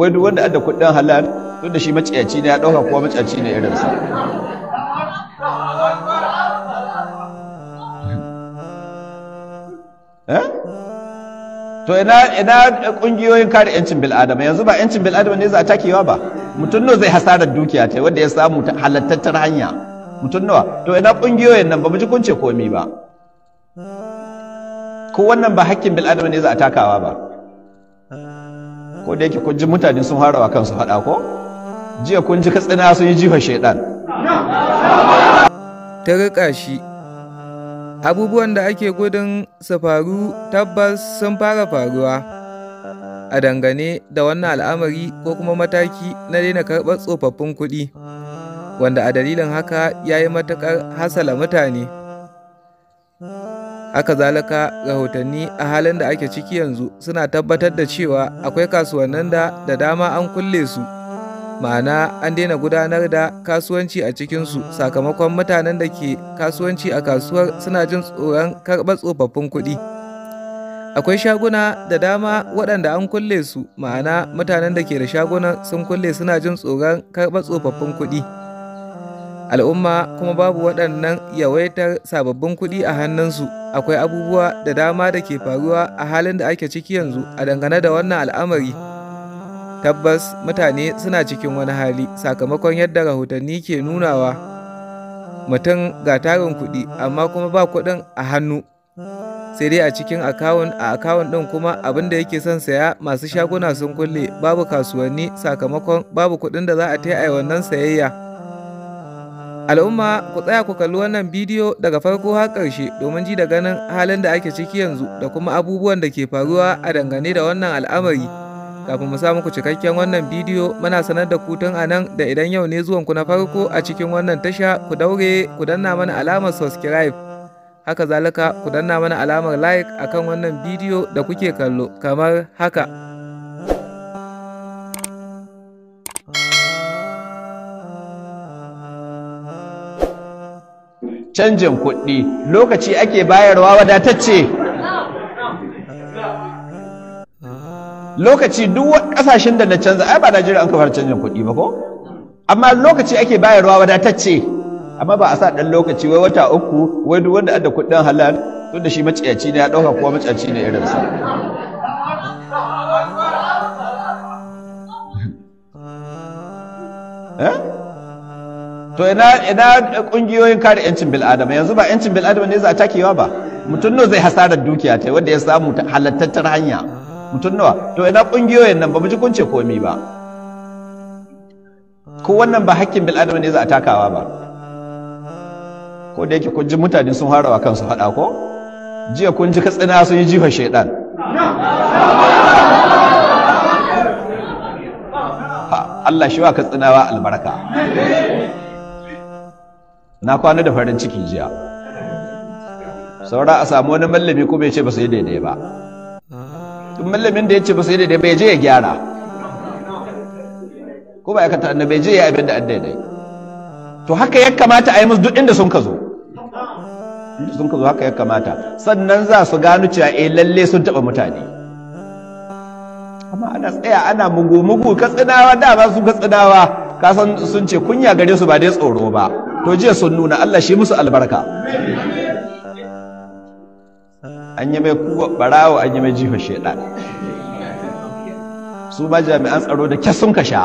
wai duk wanda adda kudin halal tun da shi maciyaci ne ya ɗauka kuma maciyaci ne irinsa eh? to ina ina kungiyoyin kare yancin bil'adama yanzu ba yancin bil'adama ne za a takewa ba mutum nawa zai hasarar dukiya ta wanda ya samu halattattar hanya mutum nawa to ina kungiyoyin nan ba mu ji kunce komi ba ko wannan ba hakkin bil'adama ne za a takawa ba ko da yake kunji mutane sun harawa kansu haɗa ko jiya kun ji katsina sun yi jihar shaidan ta rika shi abubuwan da ake gudun su faru tabbas sun fara faruwa a dangane da wannan al'amari ko kuma mataki na daina karɓar tsofaffin kuɗi wanda a dalilin haka ya yi matuƙar hasala mutane Haka zalika rahotanni a halin da ake ciki yanzu suna tabbatar da cewa akwai kasuwannin da da dama an kulle su, ma'ana an daina gudanar da kasuwanci a cikinsu sakamakon mutanen da ke kasuwanci a kasuwar suna jin tsoron karɓar tsofaffin kuɗi. Akwai shaguna da dama waɗanda an kulle su, ma'ana mutanen da ke da shaguna sun kulle suna jin tsoron karɓar tsofaffin kuɗi. al'umma kuma babu waɗannan yawaitar sababbin kuɗi a hannunsu akwai abubuwa da dama da ke faruwa a halin da ake ciki yanzu a dangane da wannan al'amari tabbas mutane suna cikin wani hali sakamakon yadda rahotanni ke nunawa mutum ga tarin kuɗi amma kuma ba kuɗin a hannu sai dai a cikin akawun a akawun ɗin kuma abin da yake son saya masu shaguna sun kulle babu kasuwanni sakamakon babu kuɗin da za a ta wannan sayayya Al'umma ku tsaya ku kalli wannan bidiyo daga farko har ƙarshe domin ji da ganin halin da ake ciki yanzu da kuma abubuwan da ke faruwa a dangane da wannan al'amari. Kafin mu samu ku cikakken wannan bidiyo muna sanar da ku tun a nan da idan yau ne zuwan ku na farko a cikin wannan tasha ku daure ku danna mana alamar subscribe. Haka zalika ku danna mana alamar like akan wannan bidiyo da kuke kallo kamar haka. canjin kuɗi lokaci ake bayarwa wadatacce lokaci duk kasashen da na canza ai ba Najeriya an kafa canjin kuɗi ba ko amma lokaci ake bayarwa wadatacce amma ba a sa ɗan lokaci wai wata uku wai duk wanda adda kuɗin halal tun da shi maciyaci ne ya ɗauka kuwa maciyaci ne irinsa eh to ina ina kungiyoyin kare yancin bil'adama yanzu ba yancin bil'adama ne za a takewa ba mutum nawa zai hasarar dukiya ta wanda ya samu halattattar hanya mutum nawa to ina kungiyoyin nan ba mu ji kun ce komi ba ko wannan ba hakkin bil'adama ne za a takawa ba ko da yake kun ji mutane sun harawa kansu hada ko jiya kun ji katsina sun yi jifar shaidan Allah shi wa katsinawa albarka na kwana da farin ciki jiya saura a samu wani mallami kuma ya ce ba sai daidai ba Tun mallamin da ya ce ba sai daidai ba ya je ya gyara ko ba aikata annabi ya je ya abin da an daidai to haka ya kamata a yi musu duk inda sun ka zo inda sun ka zo haka ya kamata sannan za su gano cewa eh lalle sun taba mutane amma ana tsaya ana mugu mugu katsinawa dama sun katsinawa ka san sun ce kunya gare su ba dai tsoro ba to jiya sun nuna Allah shi musu albarka an yi mai kuwa barawo an yi mai jifa shaidan su ma jami'an tsaro da kya sun kasha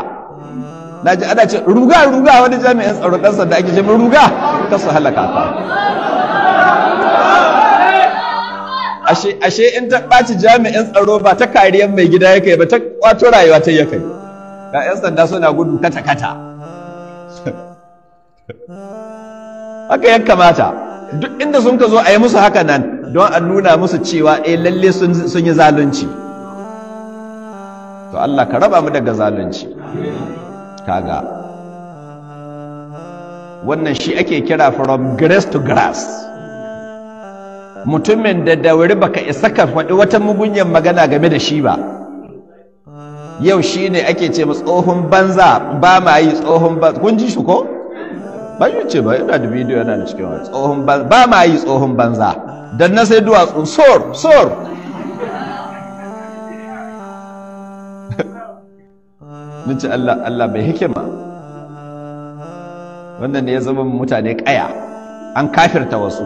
na ji ana ce ruga ruga wani jami'an tsaro ɗan sanda ake jami'an ruga ta su halaka ta ashe in ta ɓaci jami'an tsaro ba ta kariyar mai gida ya kai ba ta kwato rayuwa ta ya kai ga 'yan sanda suna gudu kata kata haka ya kamata duk inda sun ka zo a yi musu haka nan don a nuna musu cewa e lalle sun yi zalunci to Allah ka raba mu daga zalunci kaga wannan shi ake kira from grace to grass mutumin da da wuri baka isa ka faɗi wata mugunyar magana game da shi ba yau shi ne ake ce mu tsohon banza ba ma yi tsohon banza kun ji shi ko ba shi ce ba yana da bidiyo yana da cikin wani tsohon banza ba ma yi tsohon banza dan na sai duwatsu sor sor nace Allah Allah bai hikima wannan ne ya zama mutane kaya an kafirta wasu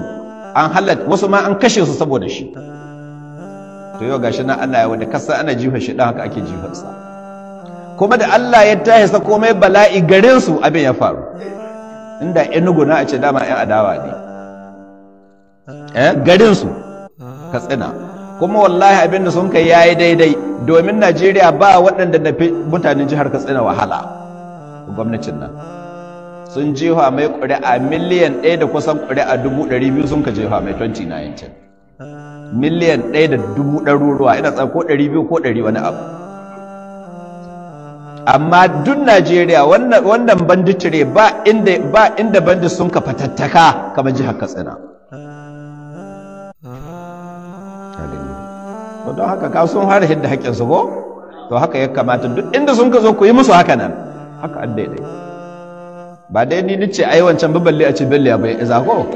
an halatta wasu ma an kashe su saboda shi to yau gashi nan Allah ya wanda kasa ana jifa shi dan haka ake sa. kuma da Allah ya tahi sa komai bala'i garin su abin ya faru inda enugu na a ce dama yan adawa ne eh? Garinsu garin su kuma wallahi abinda sun kai yayi daidai domin Najeriya ba waɗanda na fi mutanen jihar Katsina wahala gwamnatin nan sun jefa mai ƙuri'a miliyan ɗaya da kusan ƙuri'a dubu ɗari biyu sun ka jefa mai 2019 miliyan ɗaya da dubu ɗaruruwa ina tsako ɗari biyu ko ɗari wani abu amma duk najeriya wannan banditire ba inda ba inda bandit sun ka fatattaka kamar jihar katsina to don haka ka sun fara hidda haƙƙin su ko to haka ya kamata duk inda sun ka zo ku yi musu haka nan haka an daidai ba dai ni nace ai wancan baballe a ce belle bai iza ko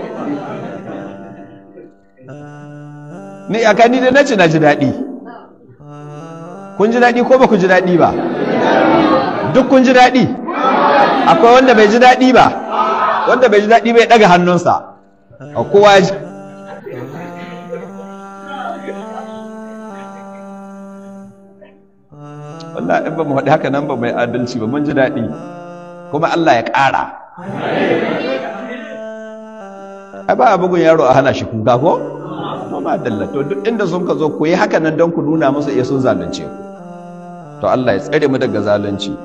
ni aka ni dai nace na ji daɗi kun ji daɗi ko ba ku ji daɗi ba duk kun ji daɗi akwai wanda bai ji daɗi ba wanda bai ji daɗi bai ɗaga hannunsa a kowa ji wanda in ba mu haɗe haka nan ba mai adalci ba mun ji daɗi kuma Allah ya ƙara ai ba a bugun yaro a hana shi kuka ko kuma dalla to duk inda sun ka zo ku yi haka nan don ku nuna musu iya eh, sun zalunce ku to Allah ya tsare mu daga zalunci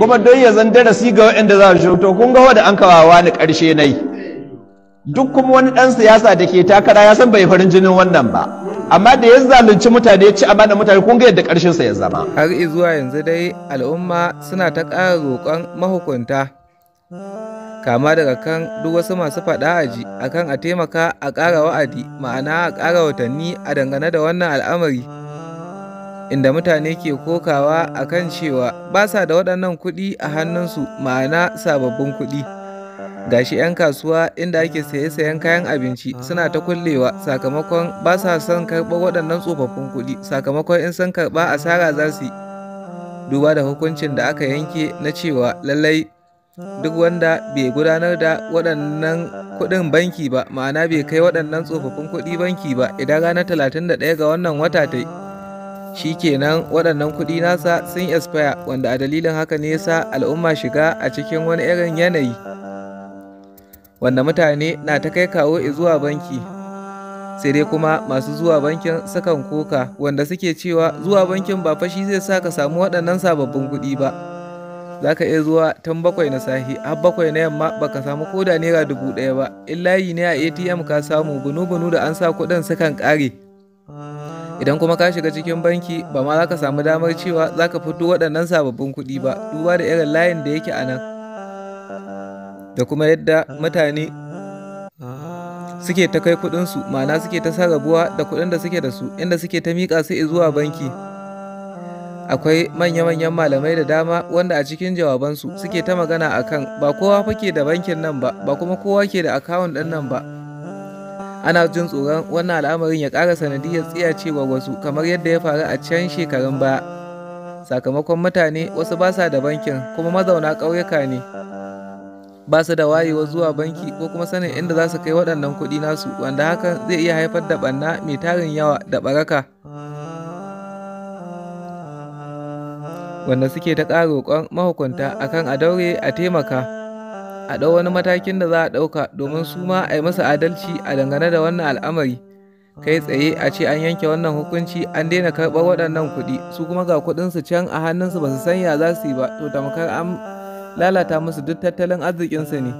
kuma don ya zan darasi ga waɗanda za su to kun ga wanda an kawawa wani ƙarshe nayi. duk kuma wani ɗan siyasa da ke takara ya san bai farin jinin wannan ba amma da ya zalunci mutane ya ci amana mutane kun ga yadda ƙarshen sa ya zama har zuwa yanzu dai al'umma suna ta ƙara roƙon mahukunta kama daga kan duk wasu masu faɗa aji akan a taimaka a ƙara wa'adi ma'ana a ƙara watanni a dangane da wannan al'amari inda mutane ke kokawa a kan cewa ba sa da waɗannan kuɗi a hannunsu ma'ana sababbin kuɗi gashi 'yan kasuwa inda ake saye-sayen kayan abinci suna ta kullewa sakamakon ba sa son karɓar waɗannan tsofaffin kuɗi sakamakon in sun karɓa asara za su duba da hukuncin da aka yanke na cewa lallai duk wanda bai gudanar da waɗannan kuɗin banki ba ma'ana bai kai waɗannan tsofaffin kuɗi banki ba idan ranar 31 ga wannan wata ta yi shi kenan waɗannan kuɗi nasa sun expire wanda a dalilin haka ne yasa al'umma shiga a cikin wani irin yanayi wanda mutane na ta kai kawo zuwa banki sai dai kuma masu zuwa bankin sukan koka wanda suke cewa zuwa bankin ba fashi zai sa ka samu waɗannan sababbin kuɗi ba za ka iya zuwa tun bakwai na sahi har bakwai na yamma baka samu koda naira dubu ɗaya ba in layi ne a atm ka samu bunu-bunu da an sa kuɗin sukan ƙare idan kuma ka shiga cikin banki ba ma za ka samu damar cewa za ka fito waɗannan sababbin kuɗi ba duba da irin layin da yake a nan da kuma yadda mutane suke ta kai kuɗinsu ma'ana suke ta sarrabuwa da kuɗin da suke da su inda suke ta miƙa su zuwa banki akwai manya-manyan malamai da dama wanda a cikin jawabansu suke ta magana akan ba kowa fa da bankin nan ba ba kuma kowa ke da akawun ɗin nan ba ana jin tsoron wannan al'amarin ya ƙara sanadiyar cewa wasu kamar yadda ya faru a can shekarun baya sakamakon mutane wasu ba sa da bankin kuma mazauna ƙauyuka ne ba su da wayewa zuwa banki ko kuma sanin inda za su kai waɗannan kuɗi nasu wanda hakan zai iya haifar da ɓanna mai tarin yawa da ɓaraka wanda suke ta ƙara roƙon mahukunta akan a daure a taimaka a ɗau wani matakin da za a ɗauka domin su ma a yi masa adalci a dangane da wannan al'amari kai tsaye a ce an yanke wannan hukunci an daina karɓar waɗannan kuɗi su kuma ga kuɗinsu can a hannunsu ba su san ya za su yi ba to tamkar an lalata musu duk tattalin arzikinsu ne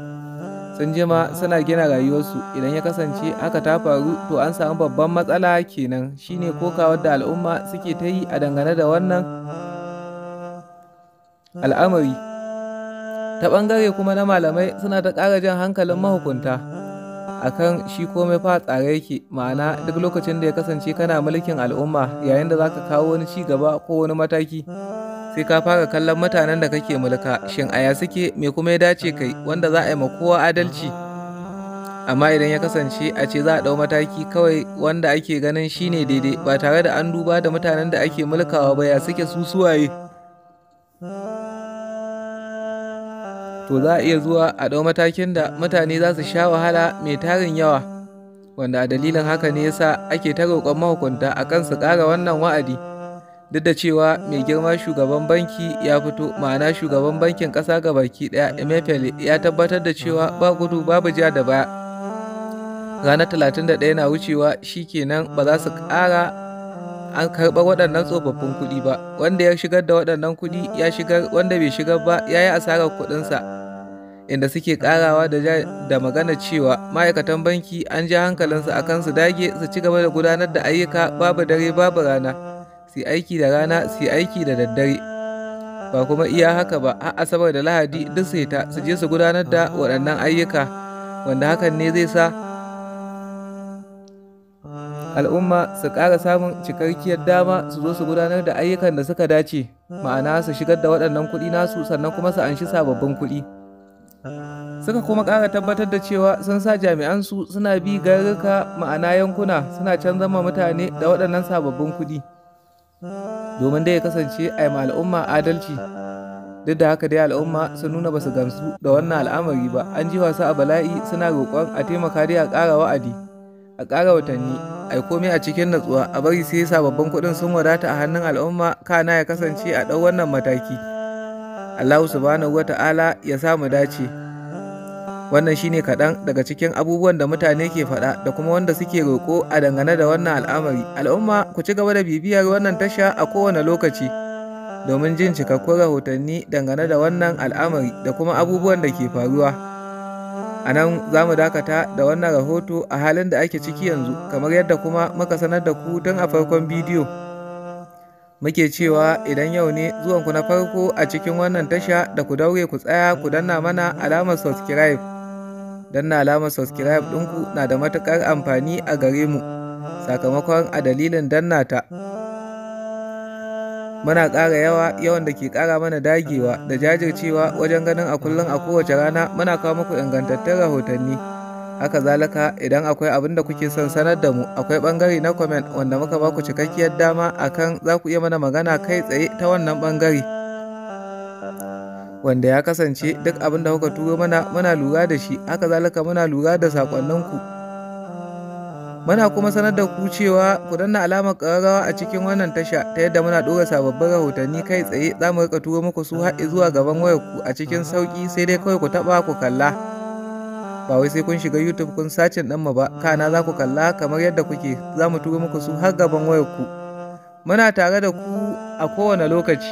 sun jima suna gina rayuwarsu idan ya kasance haka ta faru to an samu babban matsala kenan shine kokawar da al'umma suke ta yi a dangane da wannan al'amari ta ɓangare kuma na malamai suna ta ƙara jan hankalin mahukunta A kan shi komai fa tsare yake ma'ana duk lokacin da ya kasance kana mulkin al'umma yayin da za ka kawo wani ci gaba ko wani mataki sai ka fara kallon mutanen da kake mulka shin aya suke me kuma ya dace kai wanda za a yi ma kowa adalci amma idan ya kasance a ce za a ɗau mataki kawai wanda ake ganin shine daidai ba tare da an duba da mutanen da ake mulkawa ba ya suke su suwaye to za a iya zuwa a ɗau matakin da mutane za su sha wahala mai tarin yawa wanda a dalilin haka ne yasa ake ta roƙon mahukunta a kan su ƙara wannan wa'adi duk da cewa mai girma shugaban banki ya fito ma'ana shugaban bankin ƙasa ga baki ɗaya emefele ya tabbatar da cewa ba gudu babu ja da baya ranar ɗaya na wucewa shikenan ba za su ƙara an karɓa waɗannan tsofaffin kuɗi ba wanda ya shigar da waɗannan kuɗi ya shigar wanda bai shigar ba ya yi asarar kuɗinsa inda suke ƙarawa da, da magana cewa ma'aikatan banki an ji hankalinsu a kan su dage su ci gaba da gudanar da ayyuka babu dare babu rana su aiki da rana su aiki da daddare ba kuma iya haka ba har asabar da lahadi duk sai ta su je su gudanar da waɗannan ayyuka wanda hakan ne zai sa al'umma su ƙara samun cikakkiyar dama su zo su gudanar da ayyukan da suka dace ma'ana su shigar da waɗannan kuɗi nasu sannan kuma su anshi sababbin kuɗi suka kuma ƙara tabbatar da cewa sun sa su suna bi garuka ma'ana yankuna suna canza ma mutane da waɗannan sababbin kuɗi domin dai ya kasance a ma al'umma adalci duk da haka dai al'umma sun nuna basu gamsu da wannan al'amari ba an ji wasu a bala'i suna roƙon a taimaka dai a ƙara wa'adi a ƙara watanni a yi komai a cikin natsuwa a bari sai babban kuɗin sun wadata a hannun al'umma kana ya kasance a ɗau wannan mataki allahu subhanahu wata'ala ya sa mu dace wannan shine kaɗan daga cikin abubuwan da mutane ke faɗa da kuma wanda suke roƙo a dangane da wannan al'amari al'umma ku ci gaba da bibiyar wannan tasha a kowane lokaci domin jin cikakkun rahotanni dangane da wannan al'amari da kuma abubuwan da ke faruwa. A nan za mu dakata da wannan rahoto a halin da ake ciki yanzu, kamar yadda kuma muka sanar da ku tun a farkon bidiyo. Muke cewa idan yau ne zuwanku na farko a cikin wannan tasha da ku daure ku tsaya ku danna mana alamar subscribe. Danna alamar subscribe ɗinku na da matuƙar amfani a gare mu, sakamakon a dalilin danna ta. muna ƙara yawa yawan da ke ƙara mana dagewa da jajircewa wajen ganin a kullum a kowace rana muna kawo muku ingantattun rahotanni haka zalika idan akwai abin da kuke son sanar da mu akwai bangare na comment wanda muka baku cikakkiyar dama akan za ku iya mana magana kai tsaye ta wannan bangare wanda ya kasance duk abin da kuka turo mana muna lura da shi haka zalika muna lura da sakonninku Muna kuma sanar da ku cewa ku danna alamar ƙararrawa a cikin wannan tasha ta yadda muna ɗora sababbin rahotanni kai tsaye za mu rika turo muku su haɗe zuwa gaban wayarku a cikin sauƙi sai dai kawai ku taɓa ku kalla. Ba wai sai kun shiga YouTube kun sacin mu ba, kana za ku kalla kamar yadda kuke za mu turo muku su har gaban wayarku. Muna tare da ku a kowane lokaci.